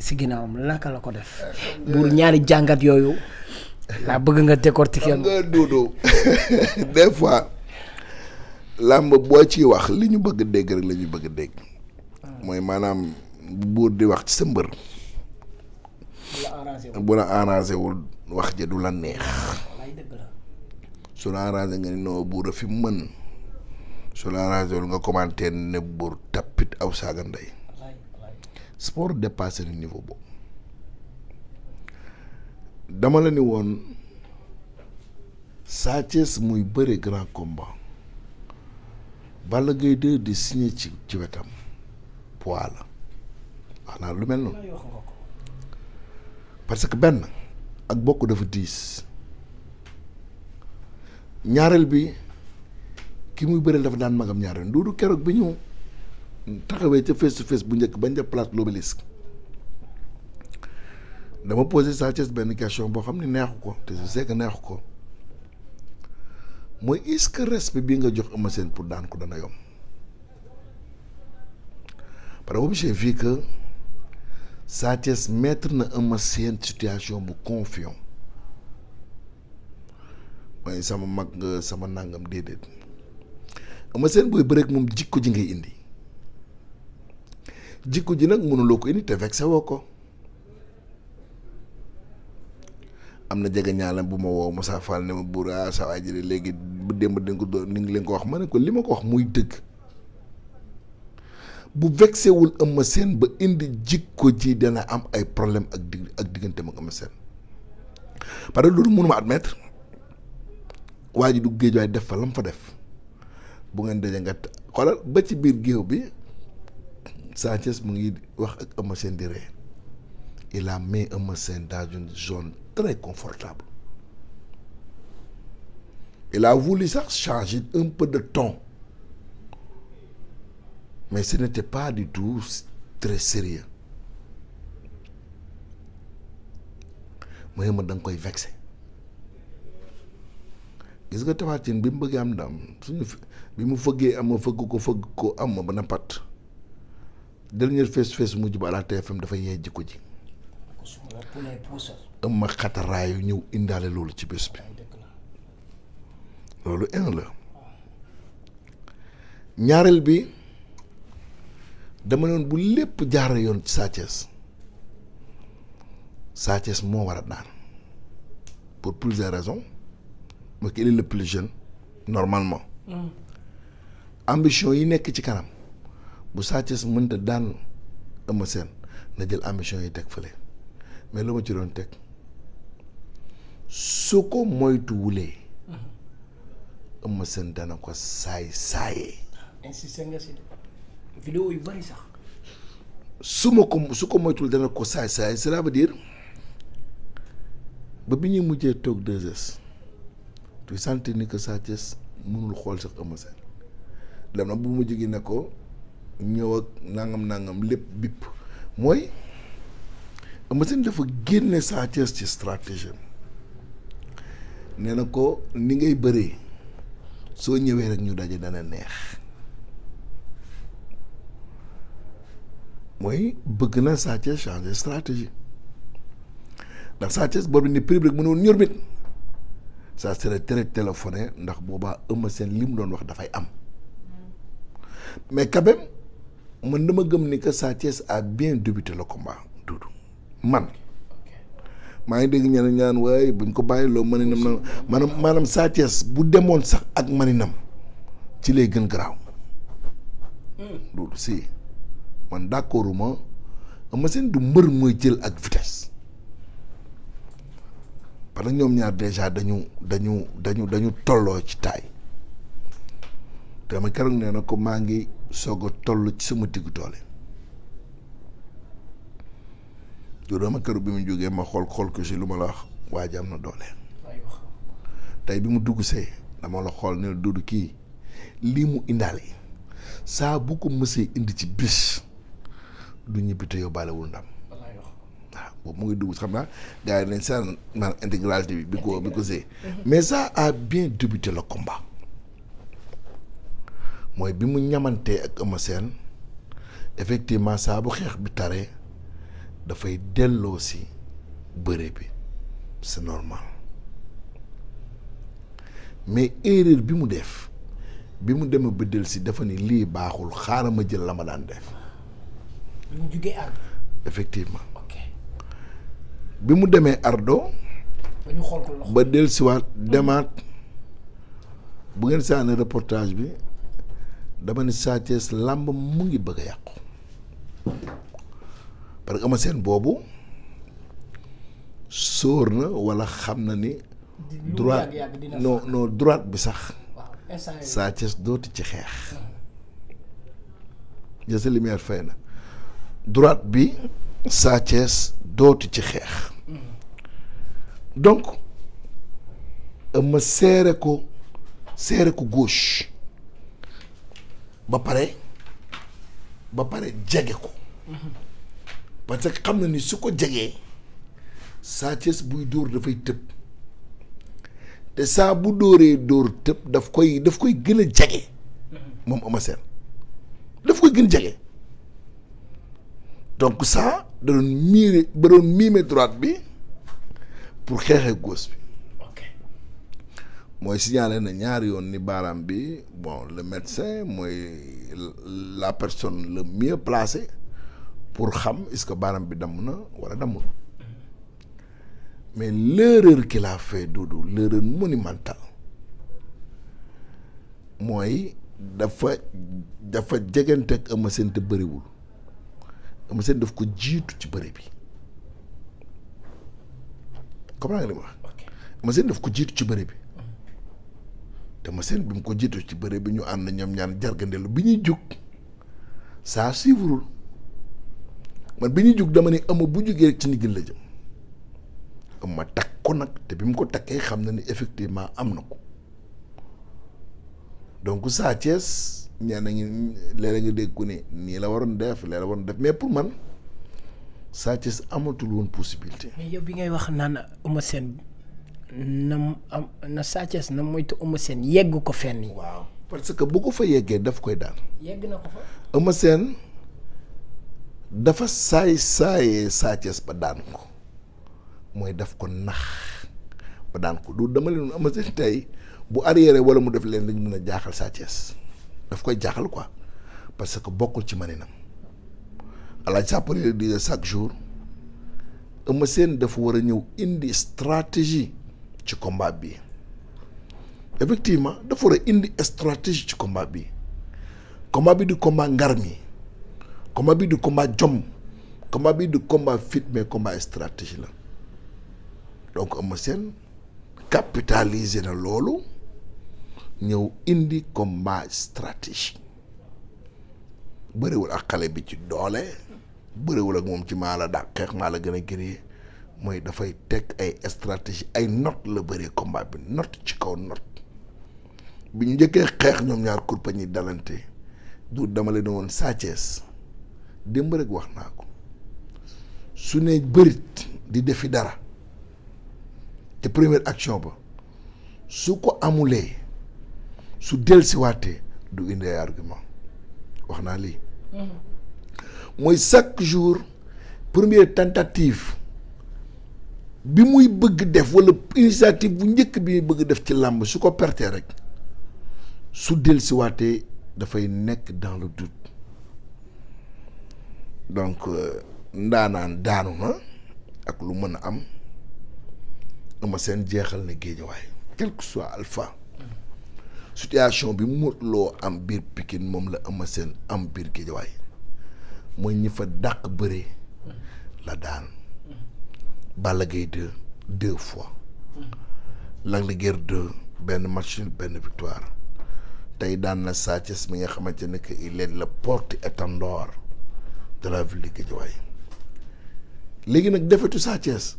Speaker 1: si ginnaawam naka la ko def. Eh, buur ñaari jàngat yooyu. laa bëgg nga décortiquer. xam
Speaker 2: nga Doudou des fois. làmb boo ciy wax li ñu bëgg dégg la ñu bëgg dégg. Hmm. mooy maanaam buur di wax ci sa mbër. bu la arrangé wul wax ja du la neex. su la arrangé nga ni noo buur a fi mën. su la arrangé nga commenté ne buur tapit aw saaga ndey. sport dépassé na niveau boobu dama la ni woon Sa Thiès muy bëre grand combat Balla Gaye 2 di ci wetam poids la wax naa lu mel noonu parce que benn ak bokk dafa diis ñaareel bi ki muy bëreel dafa daan magam ñaareel duudu keroog bi ñu. taxawee ca face to face bu njëkk bañ def place l'Obélisque dama posé Sa Thiès benn question boo xam ne neexu ko te je sais neexu ko mooy est que respect bi nga jox Eumeu pour daan ko dana yomb par exemple j'ai vu que Sa Thiès mettre na Eumeu Sène situation bu confiant mooy sama mag sama nàngam déedéet Eumeu Sène booy bëreek moom jikko ji ngay indi. jikko ji nag mënuloo ko indi te vexé woo ko am na jege ñaalam bu ma woo Moussa Fall ne ma buur ah sa waay jële léegi bu démb dañ ko ngi leen ko wax ma ne ko li ma ko wax muy dëgg bu vexewul Eumeu seen ba indi jikko ji dana am ay problème ak dig ak diggante ak Eumeu Sène parce que loolu mënuma admettre waa ji du géej waay def fa lam fa def bu ngeen daje nga xoolal ba ci biir géew bi Sathies mu ngi wax ak Eumeu Sène di ree il a mis Eumeu Sène dans une zone très confortable il a voulu sax changer un peu de ton mais ce n'était pas du tout très sérieux mooy ma da koy vexé gis nga Tapha bi mu bëggee am ndam suñu bi mu fëggee am ma fëgg ko fëgg ko am ma ba na dernier face face mujj ba la TFM dafa yee ko ji ëmma xataraayu ñëw indaale loolu ci bés bi loolu un la ñaareel bi dama noon bu lépp jaar yoon ci Sa Thiès moo war a daan pour plusieurs raisons mooy qu'il est le jeune normalement mm. ambition yi nekk ci kanam bu Sa Thiès mënta daan Eumeu Sène na jël ambition yi teg fële mais lu ma ci doon teg su ko moytuwulee mhm. Eumeu Sène dana ko saay saayee.
Speaker 1: insisté nga si
Speaker 2: su ma ko su ko moytuwul dana ko saay saay cela veut ba bi ñuy mujjee toog deux heures tu sentir ni que mënul xool sax Eumeu Sène bu mujj gi ne ko. ñëw ak nangam nangam lépp bipp mooy Eumeu Sène dafa génne Sa Thiès ci stratégie nee na ko ni ngay bëree soo ñëwee rek ñu daje dana neex mooy bëgg na Sa Thiès changer stratégie ndax Sa Thiès boobu ni prix rek mënoon ñor mit ça téléphoné ndax boobaa Eumeu Sène li mu doon wax dafay am mais quand man dama gëm ni que Sa Thiès a bien débuté le combat Doudou man maa ngi dégg ñeneen ñaan waaye buñ ko bàyyi loo maninam na maanaam maanaam Sa Thiès bu demoon sax ak maninam ci lay gën garaaw hmm. Doudou si man d'accorduma ma seen du mbër mooy jël ak vitesse parce ñoom ñaar déjà dañu dañu dañu dañu tolloo ci taay te ma keroog nee na ko maa ngi soog a toll ci sama diggu doole du kër bi mu jógee ma xool xool ko si lu ma la wax waa ji am na doole tey bi mu dugg see dama la xool ne dudu kii lii mu indaale saa bu ko mësee indi ci bis du ñibbi te yóbbaalewul ndam boobu mu ngi dugg xam naa gars yi nañ seen maanaam bi ko bi ko see mais ça a bien débuté le combat mooy bi mu ñamantee ak Eumeu Sène effectivement saa bu xeex bi tare dafay delloo si bëre bi c'est normal mais erreur bi mu def bi mu demee ba del si dafa ni lii baaxul xaaral ma jël la ma daan def. mu jugee bi mu demee ardo. ba ñu xool ko loxo demaat bu ngeen saane reportage bi. dama ne Sa làmb mu ngi bëgg a yàqu parce que ama seen boobu sóor na walla xam na ni.
Speaker 1: droite non non
Speaker 2: droite bi sax. Sa Thiès dootu ci xeex. jëse fay na droite bi Sa dootu ci xeex. donc ma seere ko seere ko gauche. ba pare ba pare jege ko parce que xam na ni su ko jegee Sa Thiès buy dóor dafay tëb te saa bu dóoree dóor tëb daf koy daf koy gën a jege moom Eumeu Sène daf koy gën jege donc saa da miire ba doon miime droite bi pour xeexee gauche bi mooy signalé na ñaari yoon ni baaraam bi bon le médecin mooy la personne le mieux placée pour xam est-ce baaraam bi damm na wala dammul mais l'erreur qu'il a fait Doudou l'erreur monumentale mooy dafa dafa jegante ak Eumeu Sène te bëriwul Eumeu Sène daf ko jiitu ci bëri bi comprends nga li ma wax Eumeu ko jiitu ci bëri bi te ma seen bi mu ko jiitu ci bëre bi ñu ànd ñoom ñaan jargandelu bi ñuy jug saa siiwurul man bi ñuy jug dama ne ëmma bu jugee ci ndigil la jëm ëmma takk ko nag te bi mu ko takkee xam na ni effectivement am na ko donc Sa Thiès ñaan nañu léeg-léeg nga dégg ku ne nii la waroon def lee la waroon def mais pour man Sa Thiès amatul woon possibilité.
Speaker 1: mais yow bi ngay wax naan Eumeu Sène na am na Sa Thiès na moytu Eumeu Sène ko fenn yi. waaw
Speaker 2: parce que bu ko fa yeggee daf koy daan. yegg na ko dafa saay saayee Sa ba daan ko mooy def ko nax ba daan ko du dama leen Eumeu tey bu arrière wala mu def leen dañ mën a jaaxal Sa daf koy jaaxal ko parce que bokkul ci maninam alaaj sàppale di chaque jour Eumeu Sène dafa war a ñëw indi stratégie. ci combat bi effectivement dafa indi stratégie ci combat bi combat bi du combat ngar mi bi du combat jom combat bi du combat fit mais combat stratégie la donc Eumeu Sène capitaliser na loolu ñëw indi combat stratégie bëriwul ak xale bi ci doole bëriwul ak moom ci maa la dàq xeex maa la gën a gëree mooy dafay teg ay stratégie ay note la bëree combat bi note ci kaw note bi ñu njëkkee xeex ñoom ñaar kurpañ yi dalante du dama leen woon Sa démb rek wax naa ko su ne bërit di defi dara te première action ba su ko amulee su delsiwaatee du indi ay argument wax naa lii mm-hmm. mooy chaque jour première tentative bi muy bëgg def wala initiative bu njëkk bi muy bëgg def ci làmb su ko pertee rek su dellusiwaatee dafay nekk dans le doute donc euh, ndaanaan daanu na ak lu mën a am ama seen jeexal na géejawaay quel soit alpha situation bi Modou Lo am biir Pikine moom la am a seen am biir géejawaay mooy ñi fa dàq bëree la daan Balla Gaye 2 deux fois Lac de Guiers 2 benn match benn victoire tey daan na Sa Thiès mi nga xamante ne que il est le porte-étendard de la ville de Guédiawaye léegi nag defetu Sa Thiès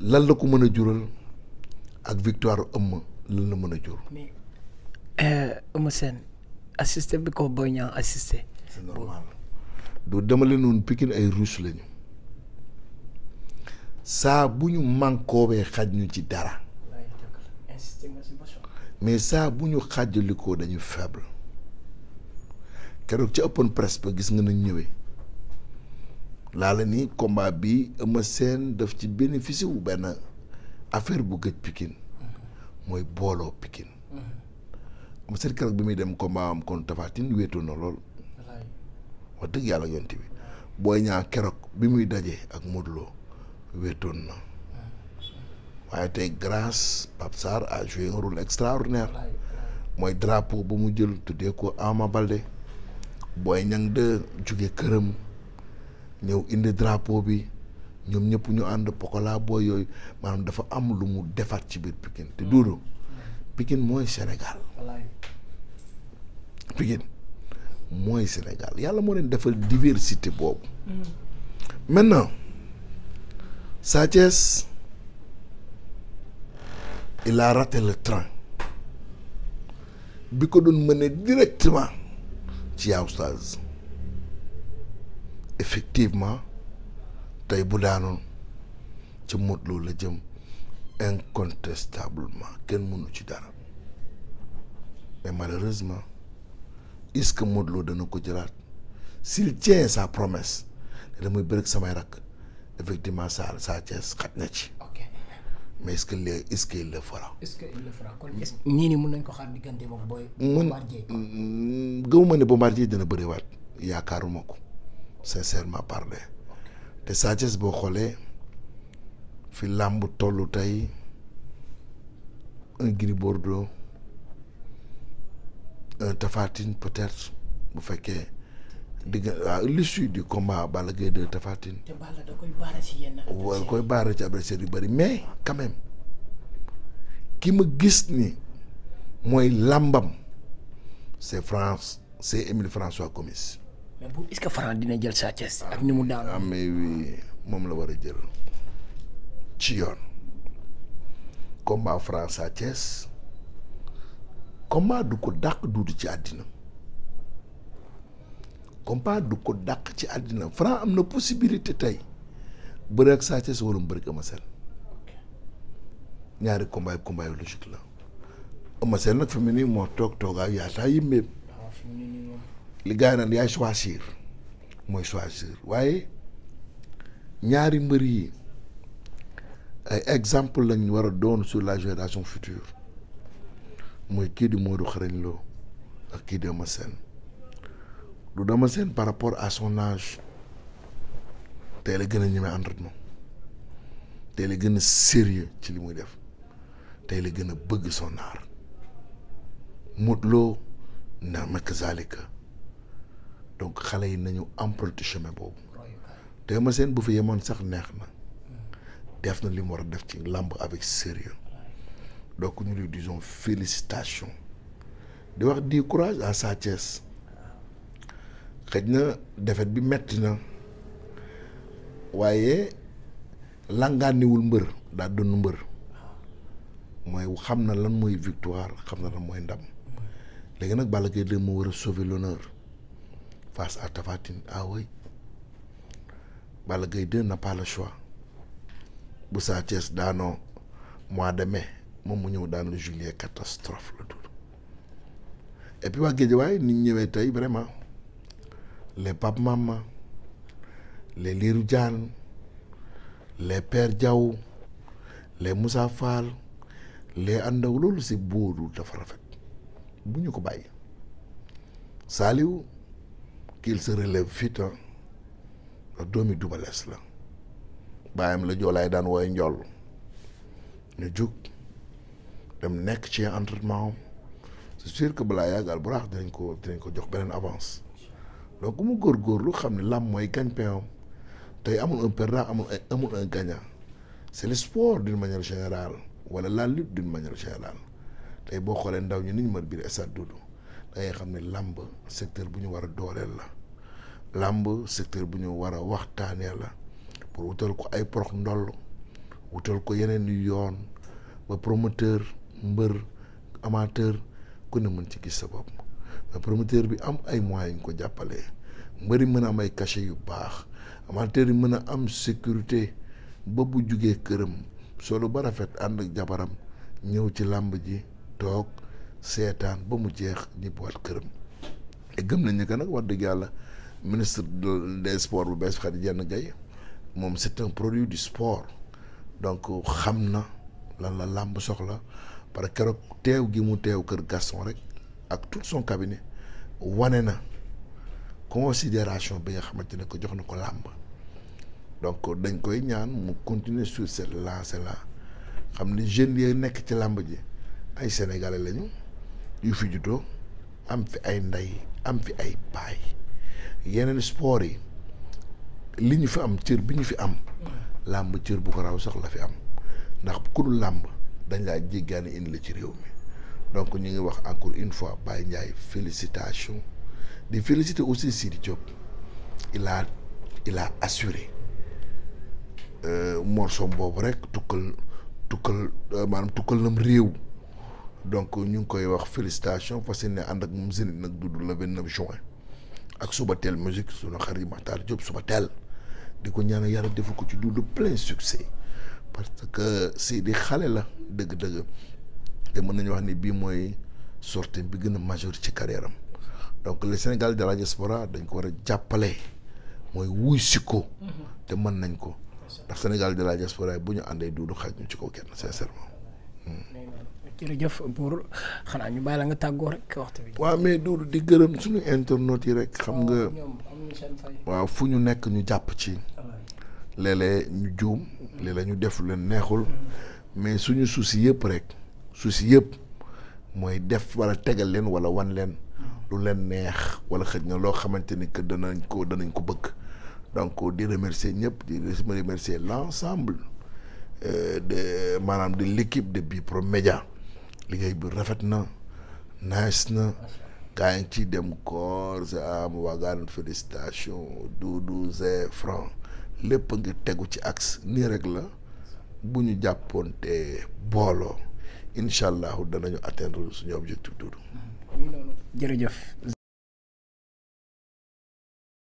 Speaker 2: lan la ko mën a jural ak victoire ëmm lan la mën a jur. mais euh, Eumeu Sène assisté bi ko Boy Niang assisté. c'est normal du dama woon Pikine ay russe lañu. saa bu ñu mànkoobee xaj ñu ci dara mais saa bu ñu xàjjalikoo dañuy faible keroog ci open press ba gis nga nañ ñëwee laala ni combat bi a seen def ci bénéfice wu benn affaire bu gëj Pikine mooy booloo Pikine Eumeu Sène keroog bi muy dem combat am kon Tapha Tine wéetoo lool wax dëgg yàlla yonti bi booy Niang keroog bi muy dajee ak Modou wéetoon na waaye tey grâce Pape a joué un extraordinaire mooy drapeau bu mu jël tuddee ko Ama Balde Boy Niang de jóge këram ñëw indi drapeau bi ñoom ñëpp ñu ànd pokola booy yooyu maanaam dafa am lu mu defaat ci biir pikin te duudu Pikine mooy Sénégal Pikine mooy Sénégal yàlla moo leen defal diversité boobu mm-hmm. maintenant Sa Thiès il a raté le train bi ko doon mëne directement ci yaa oustaz effectivement tey bu daanoon ci Modou Lo la jëm incontestablement kenn mënu ci dara mais malheureusement est-ce que Modou Lo dana ko jëlaat si tient sa promesse damay bëri samay rakk. effectivement Sa Sa Thiès xaj na ci. ok mais est ce que est ce que il le fera. est ce il le fera kon
Speaker 1: nii mun nañu ko xaar diggante moom booy. Bombardier
Speaker 2: mm, gëw ma ne Bombardier dina bëriwaat yaakaaruma ko sincèrement parler te Sa Thiès boo xoolee fi làmb tollu tey un Gris Bordeaux un bu fekkee. di nga waaw l'issue du combat Balla Gaye 2 Tapha Tine.
Speaker 1: koy
Speaker 2: baara ci yenn. adversaires yu bëri mais quand ki ma gis ni mooy làmbam c'est France c'est Émile François Gomis. mais bu est-ce que France dina jël Sa Thiès ak ni mu daan. ah mais oui moom la war a jël ci yoon combat France Sa Thiès combat du ko dàq duuti ci àddina. combat du ko dàq ci àddina Franc am na possibilité tey bëre ak Sa Thiès wala mu bëre ak Eumeu ñaari combat yi combat la Eumeu nag fi mu nii moo toog toogaa yaataa yimbeem ah, li gars yi naan yaay choisir mooy choisir waaye ñaari mbër yi ay exemple lañ war a doon sur la génération future mooy kii di Modou Xarañ Lo ak kii di Eumeu du dama seen par rapport a sonage âge tey la gën a ñemee entraînement tey la gën a sérieux ci li muy def tey la gën a bëgg son mutlo Modou Lo ma kazalika donc xale yi nañu emprunté chemin boobu te ma seen bu fi yemoon sax neex na def na li mu war a def ci làmb avec sérieux donc ñu lui disons félicitations di wax di courage à Sa xëj na defet bi metti na waaye langaaniwul mbër daa doon mbër mooy xam na lan mooy victoire xam na lan mooy ndam léegi nag Balla Gaye 2 moo war a sauver l'honneur face à Tapha Tine ah oui n'a pas le choix bu Sa Thiès daanoo mois de mai moom mu ñëw daan le juillet catastrophe la dul et puis waa Guédiawaye ni ñu ñëwee tey vraiment les Pape Mama les liiru Diane les Père Diaw les Moussa Fall les àndaw loolu si booru dafa rafet bu ñu ko bàyyi Saliou qu'il se relève vite ndax doomi dubalees la bàyyam la joolaay daan wooye njool ñu jug dem nekk ci entraînement c'est sûr que balaa yàggal bu raax dinañ ko dinañ ko jox beneen avance donc mu góorgóorlu xam ne làmb mooy gagne-pain tey amul un perdant amul amul un gagnant c'est le sport d'une manière générale wala la lutte d'une manière générale tey boo xoolee ndaw ñi ni ñu mën biir stade Doudou da xam ne làmb secteur bu ñu war a dooleel la làmb secteur bu ñu war a waxtaanee la pour wutal ko ay porox ndoll wutal ko yeneen yu yoon ba promoteur mbër amateur ku ne mën ci gis sa bopp. promoteur bi am ay moyens yu ñu ko jàppale mbari mën a am ay cachet yu baax amateur yi mën a am sécurité ba bu jugee këram lu ba rafet ànd ak jabaram ñëw ci làmb ji toog seetaan ba mu jeex ñu boot këram te gëm nañ ne que nag wax dëgg yàlla ministre des sports bu bees Khady jenn Gaye moom c'est un produit du sport donc xam na lan la làmb soxla parce que keroog teew gi mu teew kër Gaston rek. ak tout son cabinet wane na considération bi nga xamante ne ko jox na ko làmb donc dañ koy ñaan mu continuer sur cette lancée là xam ne jeunes yi nekk ci làmb ji ay sénégalais lañu yu fi juddoo am fi ay nday am fi ay paay yeneen sport yi li ñu fi am cër bi ñu fi am làmb cër bu ko raw sax la fi am ndax ku dul làmb dañ laa jéggaani indi la ci réew mi donc ñu ngi wax encore une fois Baye Ndiaye félicitations di féliciter aussi Sidi Diop il a il a assuré euh, morceau boobu rek tukkal tukkal euh, maanaam tukkal nam réew donc ñu ngi koy wax félicitations parce ne ànd ak moom Zénith nag dudd la vingt neuf ak suba teel musique sunu xarit Matar Diop suba teel di ko ñaanal yàlla defal ko ci dudd plein succès parce que si di xale la dëgg-dëgg te mën nañu wax ni bii mooy sortie bi gën a majeure ci carrière donc le Sénégal de la diaspora dañ ko war a jàppale mooy wuy si ko mhm. te mën nañ ko ndax Sénégal de la diaspora bu ñu àndee duudu xaj ñu ci kaw kenn sincèrement.
Speaker 1: Hmm. xanaa ñu bàyyi la nga tàggoo rek waxtu bi.
Speaker 2: waaw mais duudu di gërëm suñu internautes yi rek xam nga. waaw fu ñu nekk ñu jàpp ci. léeg ñu juum mhm. léeg ñu def leen neexul mhm. mais suñu souci yëpp rek. souci yëpp mooy def wala tegal leen wala wan leen lu leen neex wala xëj na loo xamante ni que danañ ko danañ ko bëgg donc di remercier ñëpp di remercier l'ensemble euh, de maanaam de l'équipe de Bprod Média liggéey bi rafet na nice na gaa ngi ci dem koor sa am ah, waagaan félicitation Doudou Zé Franc lépp a ngi tegu ci axe nii rek la bu ñu jàppoonte booloo incha allahu danañu atteindre suñu objectif Doudou. jërëjëf.